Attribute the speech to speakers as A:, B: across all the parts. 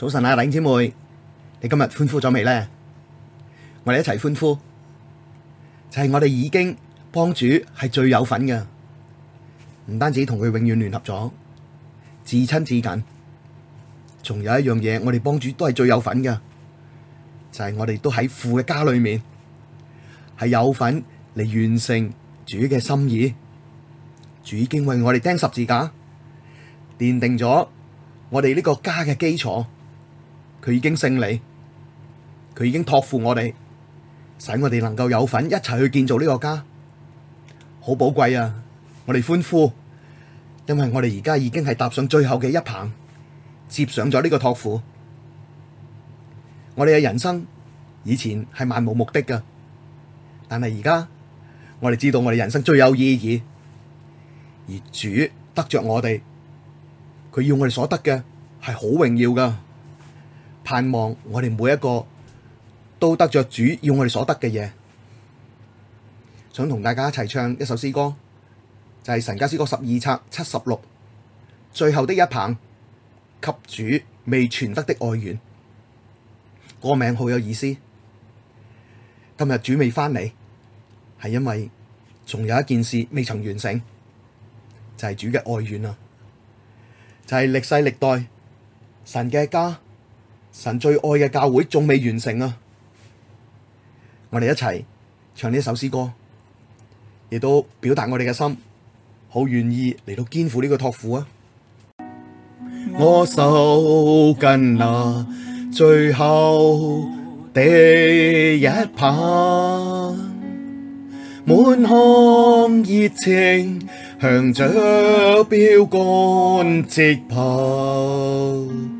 A: 早晨啊，領姐妹，你今日歡呼咗未咧？我哋一齊歡呼，就係、是、我哋已經幫主係最有份噶，唔單止同佢永遠聯合咗，至親至近。仲有一樣嘢，我哋幫主都係最有份噶，就係、是、我哋都喺父嘅家裏面，係有份嚟完成主嘅心意。主已經為我哋釘十字架，奠定咗我哋呢個家嘅基礎。佢已經勝利，佢已經託付我哋，使我哋能夠有份一齊去建造呢個家，好寶貴啊！我哋歡呼，因為我哋而家已經係搭上最後嘅一棒，接上咗呢個託付。我哋嘅人生以前係漫無目的噶，但係而家我哋知道我哋人生最有意義，而主得着我哋，佢要我哋所得嘅係好榮耀噶。盼望我哋每一個都得着主要我哋所得嘅嘢，想同大家一齊唱一首詩歌，就係、是《神家詩歌》十二冊七十六最後的一棒，給主未全得的愛願，個名好有意思。今日主未翻嚟，係因為仲有一件事未曾完成，就係、是、主嘅愛願啊！就係、是、歷世歷代神嘅家。神最愛嘅教會仲未完成啊！我哋一齊唱呢首詩歌，亦都表達我哋嘅心，
B: 好願意嚟到肩負呢個託付啊！ 我受緊握最後第一棒，滿腔熱情向着標杆接棒。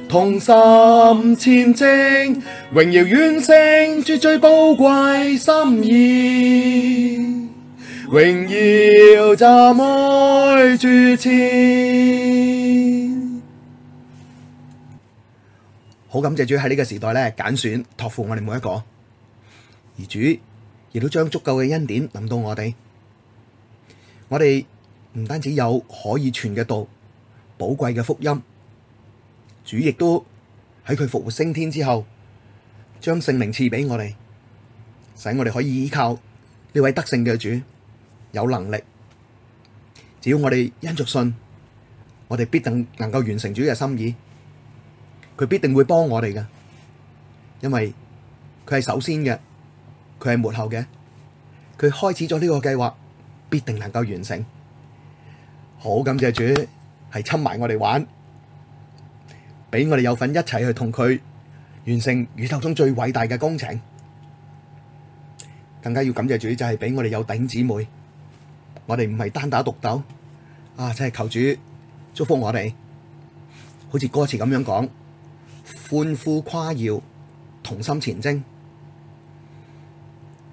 B: 同心前征，榮耀完成，主最寶貴心意，榮耀站愛主前。
A: 好感謝主喺呢個時代咧，揀選託付我哋每一個，而主亦都將足夠嘅恩典臨到我哋。我哋唔單止有可以傳嘅道，寶貴嘅福音。主亦都，俾我哋有份一齊去同佢完成宇宙中最偉大嘅工程，更加要感謝主就係俾我哋有弟兄姊妹，我哋唔係單打獨鬥啊！真係求主祝福我哋，好似歌詞咁樣講，歡呼誇耀，同心前征。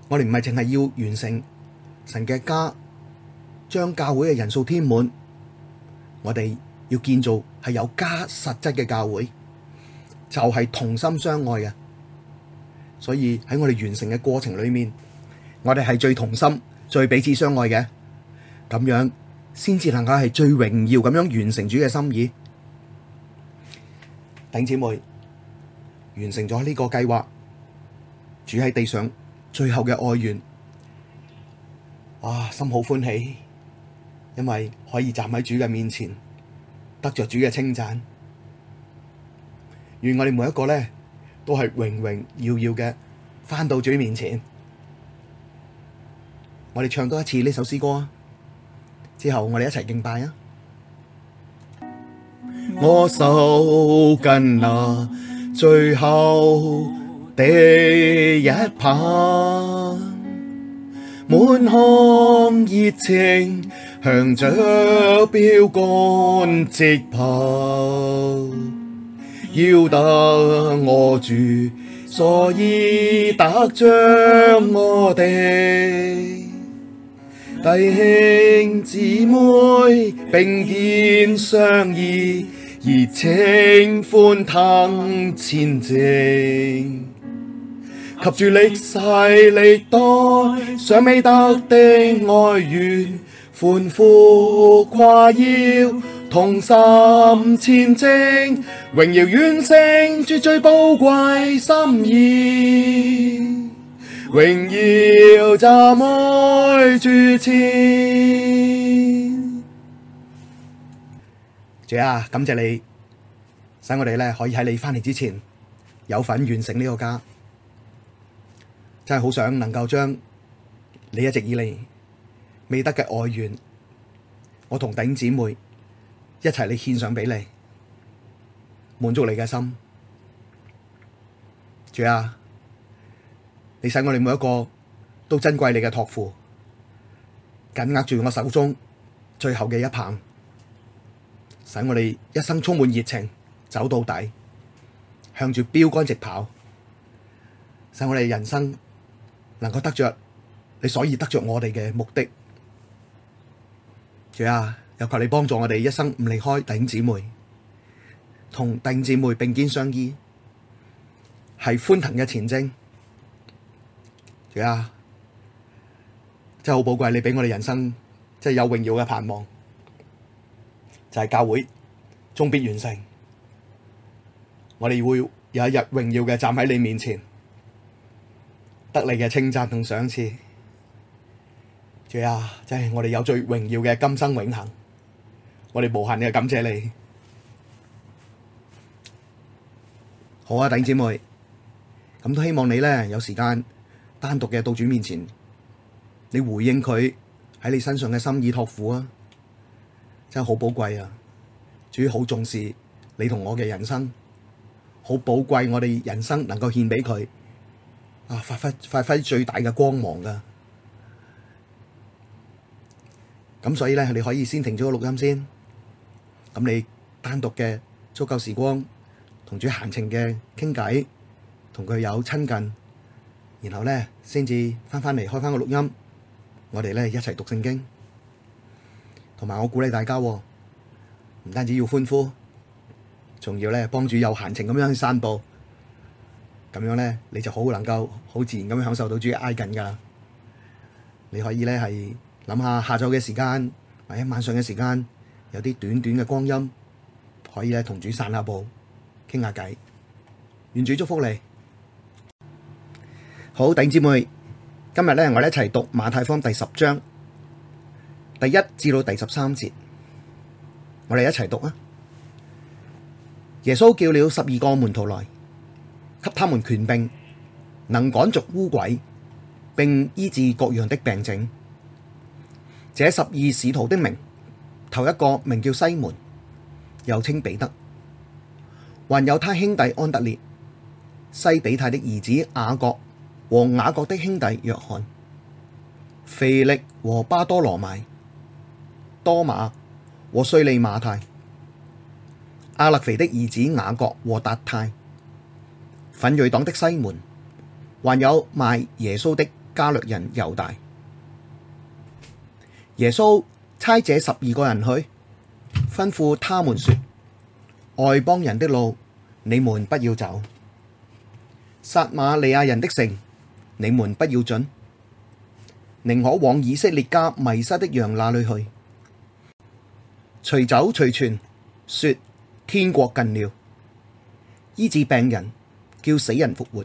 A: 我哋唔係淨係要完成神嘅家，將教會嘅人數添滿，我哋。要建造係有加實質嘅教會，就係、是、同心相愛嘅。所以喺我哋完成嘅過程裏面，我哋係最同心、最彼此相愛嘅。咁樣先至能夠係最榮耀咁樣完成主嘅心意。頂姐妹完成咗呢個計劃，主喺地上最後嘅愛願，哇，心好歡喜，因為可以站喺主嘅面前。得着主嘅稱讚，願我哋每一個咧都係榮榮耀耀嘅，返到主面前。我哋唱多一次呢首詩歌啊！之後我哋一齊敬拜啊！
B: 我手緊握最後的一棒，滿腔熱情。向着標杆直跑，要打我住，所以特將我哋弟兄姊妹並肩相依，熱情歡騰前程及住力細力多，想未得的愛願。歡呼誇耀，同心前征，榮耀完成，主最寶貴心意，榮耀站愛主前。主
A: 啊，感謝你，使我哋咧可以喺你翻嚟之前有份完成呢個家，真係好想能夠將你一直以嚟，未得嘅愛願，我同頂姊妹一齊，嚟獻上俾你，滿足你嘅心。主啊，你使我哋每一個都珍貴你嘅託付，緊握住我手中最後嘅一棒，使我哋一生充滿熱情，走到底，向住標竿直跑，使我哋人生能夠得着你，所以得着我哋嘅目的。主啊，有求你幫助我哋一生唔離開弟兄姊妹，同弟兄姊妹並肩相依，係歡騰嘅前征。主啊，真係好寶貴，你俾我哋人生真係有榮耀嘅盼望，就係教會終必完成，我哋會有一日榮耀嘅站喺你面前，得你嘅稱讚同賞賜。主啊，真係我哋有最榮耀嘅今生永恒，我哋無限嘅感謝你。好啊，弟姐妹，咁都希望你呢，有時間單獨嘅到主面前，你回應佢喺你身上嘅心意託付啊！真係好寶貴啊！主好重視你同我嘅人生，好寶貴，我哋人生能夠獻俾佢啊，發揮發揮最大嘅光芒噶、啊。咁所以咧，你可以先停咗個錄音先。咁你單獨嘅足夠時光同主閒情嘅傾偈，同佢有親近，然後咧先至翻返嚟開翻個錄音，我哋咧一齊讀聖經。同埋我鼓勵大家，唔單止要歡呼，仲要咧幫主有閒情咁樣去散步。咁樣咧，你就好能夠好自然咁樣享受到主嘅挨近㗎。你可以咧係。諗下下晝嘅時間，或者晚上嘅時間，有啲短短嘅光陰，可以咧同主散下步，傾下偈。願主祝福你。好，弟姊妹，今日咧我哋一齊讀馬太福音第十章第一至到第十三節，我哋一齊讀啊！耶穌叫了十二個門徒來，給他們權柄，能趕逐污鬼，並醫治各樣的病症。這十二使徒的名，頭一個名叫西門，又稱彼得，還有他兄弟安得烈，西庇太的兒子雅各和雅各的兄弟約翰，腓力和巴多羅買，多馬和稅吏馬太，亞勒腓的兒子雅各和達太，奮銳黨的西門，還有賣耶穌的加略人猶大。耶穌差這十二個人去，吩咐他們說：外邦人的路，你們不要走；撒瑪利亞人的城，你們不要進；寧可往以色列家迷失的羊那裡去。隨走隨傳，說：天國近了！醫治病人，叫死人復活，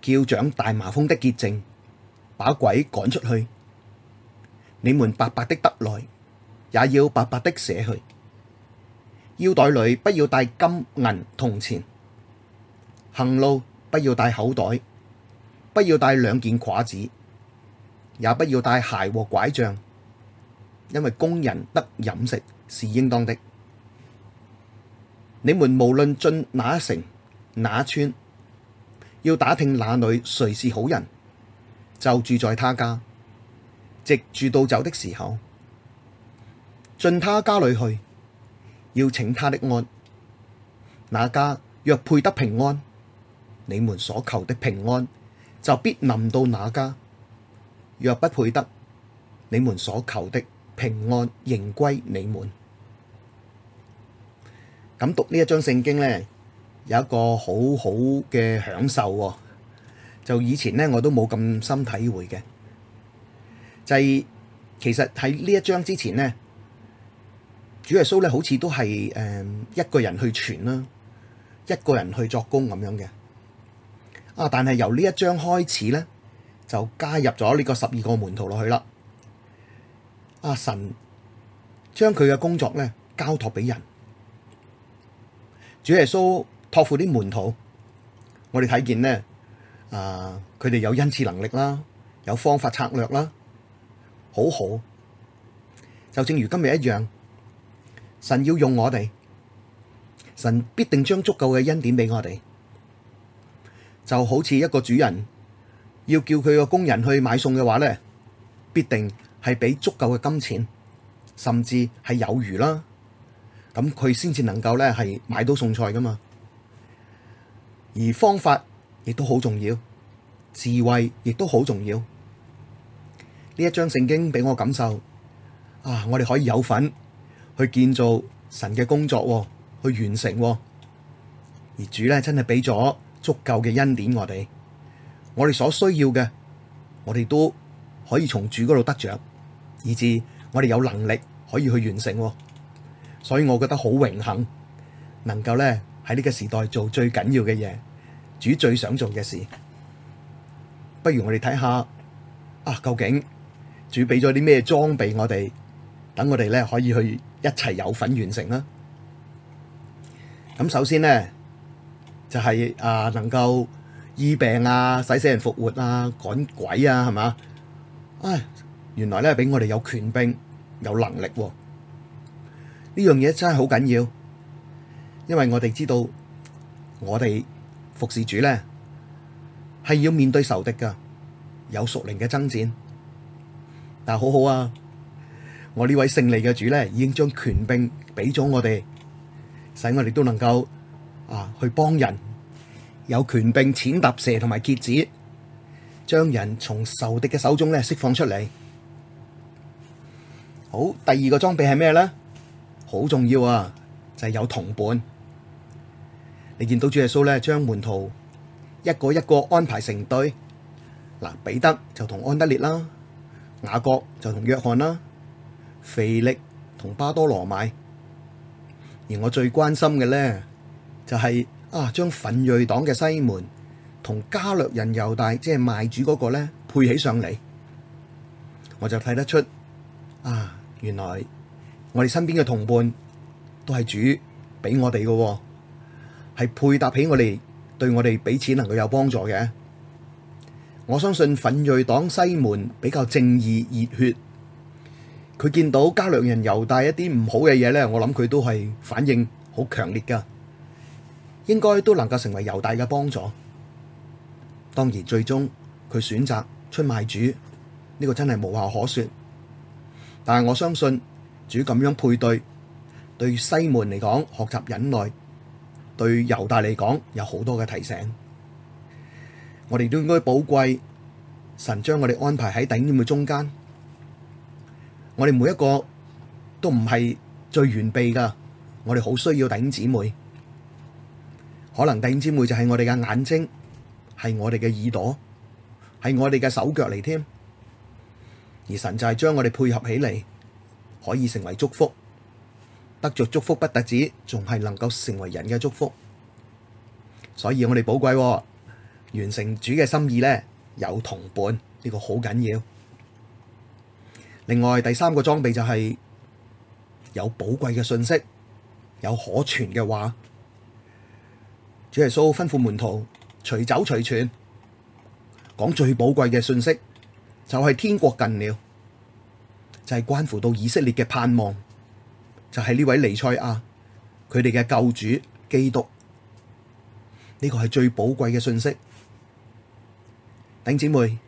A: 叫長大麻風的潔淨，把鬼趕出去。你們白白的得來，也要白白的捨去。腰袋裡不要帶金銀銅錢，行路不要帶口袋，不要帶兩件褂子，也不要帶鞋和拐杖，因為工人得飲食是應當的。你們無論進哪城哪村，要打聽哪裡誰是好人，就住在他家。直住到走的時候，進他家裏去，要請他的安。那家若配得平安，你們所求的平安就必臨到那家；若不配得，你們所求的平安仍歸你們。咁讀呢一章聖經呢，有一個好好嘅享受、哦，就以前呢，我都冇咁深體會嘅。就係其實喺呢一章之前呢，主耶穌咧好似都係誒一個人去傳啦，一個人去作工咁樣嘅。啊！但係由呢一章開始咧，就加入咗呢個十二個門徒落去啦。阿、啊、神將佢嘅工作咧交託俾人，主耶穌託付啲門徒，我哋睇見咧啊，佢哋有恩賜能力啦，有方法策略啦。好好，就正如今日一樣，神要用我哋，神必定將足夠嘅恩典俾我哋，就好似一個主人要叫佢個工人去買餸嘅話咧，必定係俾足夠嘅金錢，甚至係有餘啦，咁佢先至能夠咧係買到餸菜噶嘛。而方法亦都好重要，智慧亦都好重要。呢一章聖經俾我感受啊！我哋可以有份去建造神嘅工作，去完成。而主咧真係俾咗足夠嘅恩典我哋，我哋所需要嘅，我哋都可以從主嗰度得着，以至我哋有能力可以去完成。所以我覺得好榮幸，能夠咧喺呢個時代做最緊要嘅嘢，主最想做嘅事。不如我哋睇下啊，究竟主俾咗啲咩裝備，裝備我哋，等我哋咧可以去一齊有份完成啦。咁首先呢，就係、是、啊、能夠醫病啊、使死人復活啊、趕鬼啊，係嘛？唉，原來咧俾我哋有權柄、有能力喎、啊。呢樣嘢真係好緊要，因為我哋知道我哋服侍主咧係要面對仇敵噶，有屬靈嘅爭戰。但係好好啊！我呢位勝利嘅主咧，已經將權柄俾咗我哋，使我哋都能夠啊去幫人，有權柄踐踏蛇同埋蠍子，將人從仇敵嘅手中咧釋放出嚟。好，第二個裝備係咩咧？好重要啊！就係有同伴。你見到主耶穌咧，將門徒一個一個安排成對。嗱，彼得就同安德烈啦。雅各就同約翰啦，腓力同巴多羅買，而我最關心嘅咧就係、是、啊，將奮銳黨嘅西門同加略人猶大即係、就是、賣主嗰個咧配起上嚟，我就睇得出啊，原來我哋身邊嘅同伴都係主俾我哋嘅喎，係配搭起我哋對我哋彼此能夠有幫助嘅。我相信奮銳黨西門比較正義熱血，佢見到加略人猶大一啲唔好嘅嘢呢，我諗佢都係反應好強烈噶應該都能夠成為猶大嘅幫助。當然最終佢選擇出賣主，呢個真係無話可說。但係我相信主咁樣配對，對西門嚟講學習忍耐，對猶大嚟講有好多嘅提醒。我哋完成主嘅心意呢，有同伴呢，這個好緊要。另外第三個裝備就係、是、有寶貴嘅信息，有可傳嘅話。主耶穌吩咐門徒隨走隨傳，講最寶貴嘅信息，就係、是、天國近了，就係、是、關乎到以色列嘅盼望，就係、是、呢位尼賽亞佢哋嘅救主基督。呢個係最寶貴嘅信息，弟姊妹，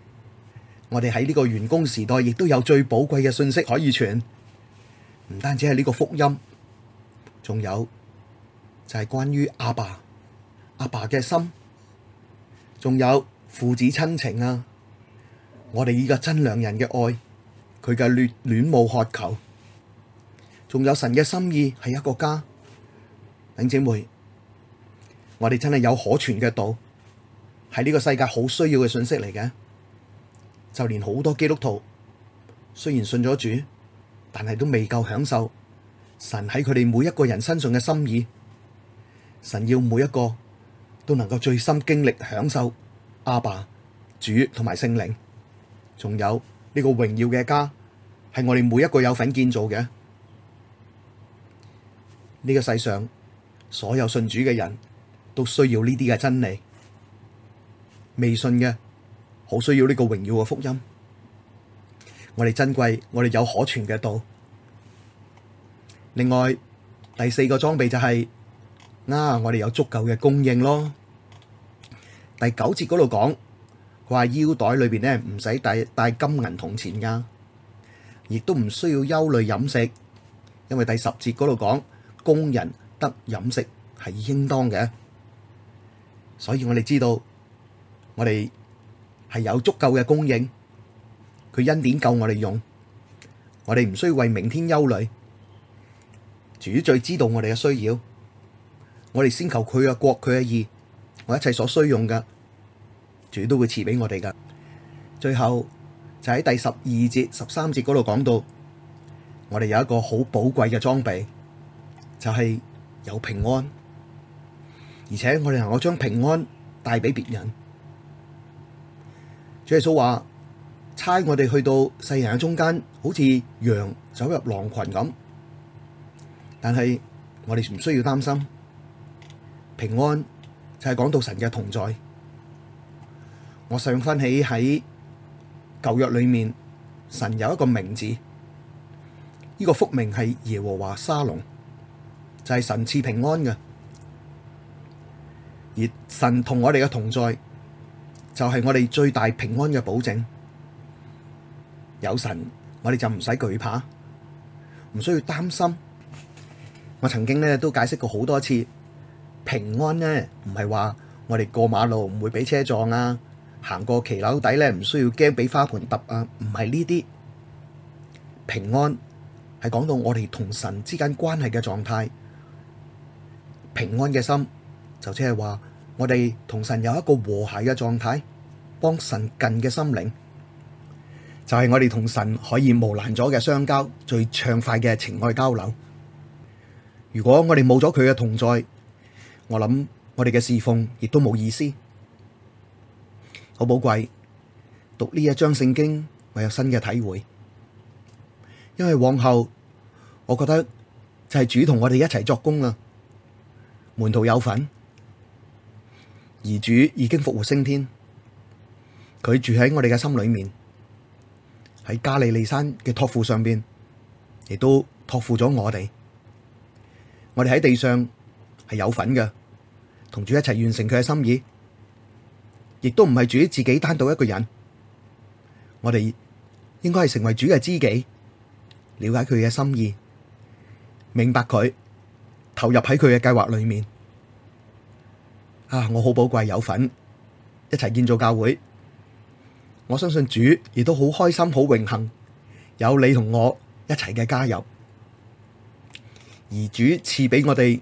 A: 我哋喺呢個員工時代亦都有最寶貴嘅信息可以傳，唔單止係呢個福音，仲有就係關於阿爸阿爸嘅心，仲有父子親情啊，我哋依個真良人嘅愛，佢嘅戀戀慕渴求，仲有神嘅心意係一個家，弟姊妹。我哋真係有可傳嘅道，係呢個世界好需要嘅信息嚟嘅。就連好多基督徒，雖然信咗主，但係都未夠享受神喺佢哋每一個人身上嘅心意。神要每一個都能夠最深經歷享受阿爸、主同埋聖靈，仲有呢個榮耀嘅家，係我哋每一個有份建造嘅呢個世上所有信主嘅人，都需要呢啲嘅真理，未信嘅好需要呢個榮耀嘅福音。我哋珍貴，我哋有可傳嘅道。另外，第四個裝備就係啊，我哋有足夠嘅供應咯。第九節嗰度講，佢話腰袋裏邊咧唔使帶帶金銀銅錢噶，亦都唔需要憂慮飲食，因為第十節嗰度講，工人得飲食係應當嘅。所以我哋知道，我哋係有足夠嘅供應，佢恩典夠我哋用，我哋唔需要為明天憂慮。主最知道我哋嘅需要，我哋先求佢嘅國佢嘅義，我一切所需用嘅，主都會賜俾我哋嘅。最後就喺第十二節十三節嗰度講到，我哋有一個好寶貴嘅裝備，就係、是、有平安。而且我哋能夠將平安帶俾別人。主耶穌話：差我哋去到世人嘅中間，好似羊走入狼群咁。但係我哋唔需要擔心，平安就係講到神嘅同在。我想翻起喺舊約裏面，神有一個名字，呢個福名係耶和華沙龍，就係神賜平安嘅。而神同我哋嘅同在，就係我哋最大平安嘅保證。有神，我哋就唔使懼怕，唔需要擔心。我曾經咧都解釋過好多次，平安呢唔係話我哋過馬路唔會俾車撞啊，行過騎樓底咧唔需要驚俾花盆揼啊，唔係呢啲。平安係講到我哋同神之間關係嘅狀態，平安嘅心。就即係話，我哋同神有一個和諧嘅狀態，幫神近嘅心靈，就係、是、我哋同神可以無難阻嘅相交，最暢快嘅情愛交流。如果我哋冇咗佢嘅同在，我諗我哋嘅侍奉亦都冇意思，好寶貴。讀呢一章聖經，我有新嘅體會，因為往後我覺得就係主同我哋一齊作工啦，門徒有份。而主已經復活升天，佢住喺我哋嘅心裏面，喺加利利山嘅託付上邊，亦都託付咗我哋。我哋喺地上係有份嘅，同主一齊完成佢嘅心意，亦都唔係主自己單獨一個人。我哋應該係成為主嘅知己，了解佢嘅心意，明白佢，投入喺佢嘅計劃裏面。啊！我好寶貴有份一齊建造教會，我相信主亦都好開心、好榮幸有你同我一齊嘅加油。而主賜俾我哋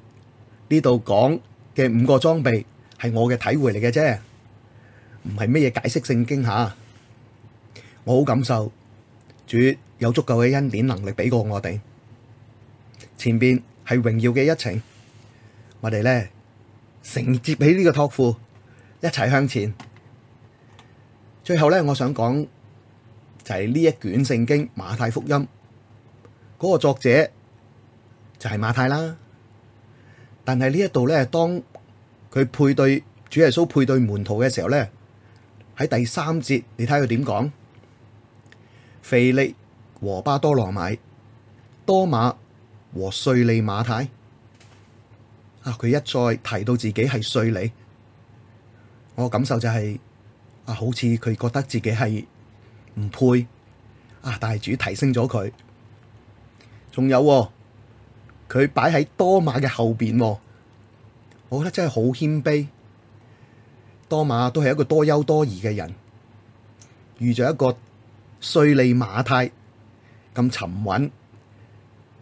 A: 呢度講嘅五個裝備，係我嘅體會嚟嘅啫，唔係乜嘢解釋聖經吓。我好感受主有足夠嘅恩典能力俾過我哋。前邊係榮耀嘅一程，我哋咧。承接起呢個託付，一齊向前。最後咧，我想講就係呢一卷聖經馬太福音嗰個作者就係馬太啦。但係呢一度咧，當佢配對主耶穌配對門徒嘅時候咧，喺第三節，你睇佢點講？腓力和巴多羅買、多馬和稅吏馬太。啊！佢一再提到自己係稅吏，我感受就係、是、啊，好似佢覺得自己係唔配啊，但主提升咗佢。仲有佢、哦、擺喺多馬嘅後邊、哦，我覺得真係好謙卑。多馬都係一個多憂多疑嘅人，遇着一個稅吏馬太咁沉穩、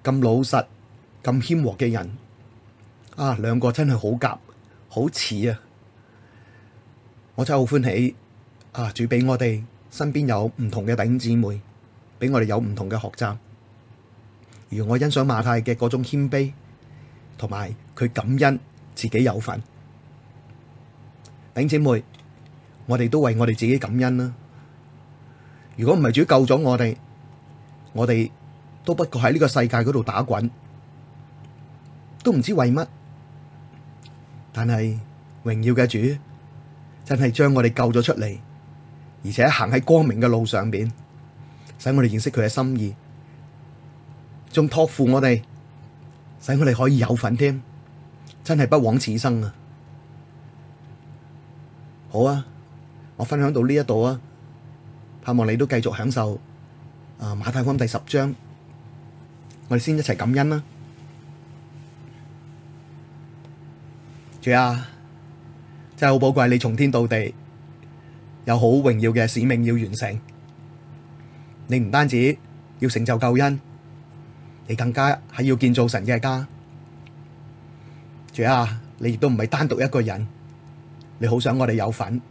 A: 咁老實、咁謙和嘅人。啊，兩個真係好夾，好似啊，我真係好歡喜啊！主俾我哋身邊有唔同嘅頂姊妹，俾我哋有唔同嘅學習。而我欣賞馬太嘅嗰種謙卑，同埋佢感恩自己有份頂姊妹，我哋都為我哋自己感恩啦，啊。如果唔係主救咗我哋，我哋都不過喺呢個世界嗰度打滾，都唔知為乜。但係榮耀嘅主真係將我哋救咗出嚟，而且行喺光明嘅路上邊，使我哋認識佢嘅心意，仲託付我哋，使我哋可以有份添，真係不枉此生啊！好啊，我分享到呢一度啊，盼望你都繼續享受啊、呃、馬太福音第十章，我哋先一齊感恩啦、啊。主啊，真係好寶貴！你從天到地有好榮耀嘅使命要完成，你唔單止要成就救恩，你更加係要建造神嘅家。主啊，你亦都唔係單獨一個人，你好想我哋有份。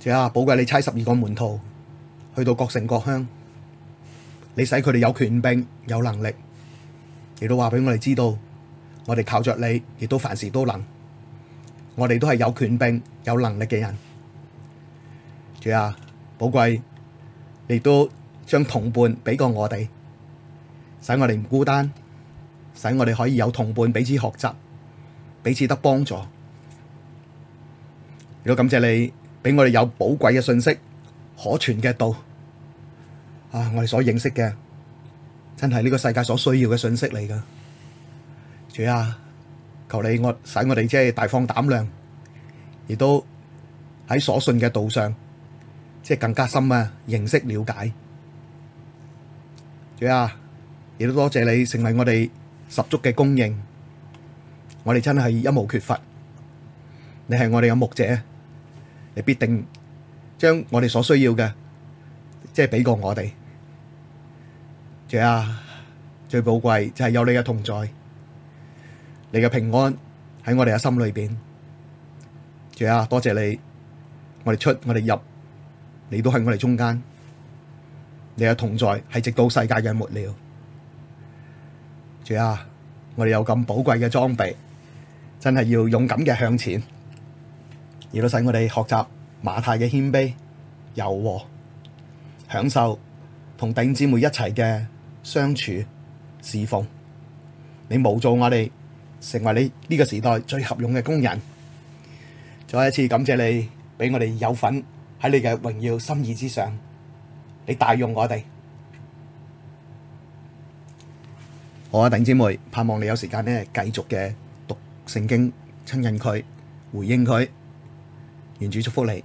A: 主啊，寶貴你差十二個門徒去到各城各鄉，你使佢哋有權柄、有能力，亦都話俾我哋知道。我哋靠着你，亦都凡事都能。我哋都係有權柄、有能力嘅人。主啊，寶貴，你都將同伴俾過我哋，使我哋唔孤單，使我哋可以有同伴彼此學習，彼此得幫助。亦都感謝你俾我哋有寶貴嘅信息，可傳嘅道。啊，我哋所認識嘅，真係呢個世界所需要嘅信息嚟噶。主啊，求你我使我哋即係大放膽量，亦都喺所信嘅道上，即係更加深啊認識了解。主啊，亦都多謝你成為我哋十足嘅供應，我哋真係一無缺乏。你係我哋嘅牧者，你必定將我哋所需要嘅，即係俾過我哋。主啊，最寶貴就係有你嘅同在。你嘅平安喺我哋嘅心裏邊，主啊，多謝你，我哋出我哋入，你都喺我哋中間，你嘅同在係直到世界嘅末了，主啊，我哋有咁寶貴嘅裝備，真係要勇敢嘅向前，亦都使我哋學習馬太嘅謙卑、柔和、享受同弟兄姊妹一齊嘅相處侍奉，你冇做我哋。成為你呢個時代最合用嘅工人。再一次感謝你畀我哋有份喺你嘅榮耀心意之上，你大用我哋。好啊，弟兄姊妹，盼望你有時間呢，繼續嘅讀聖經、親近佢、回應佢。願主祝福你。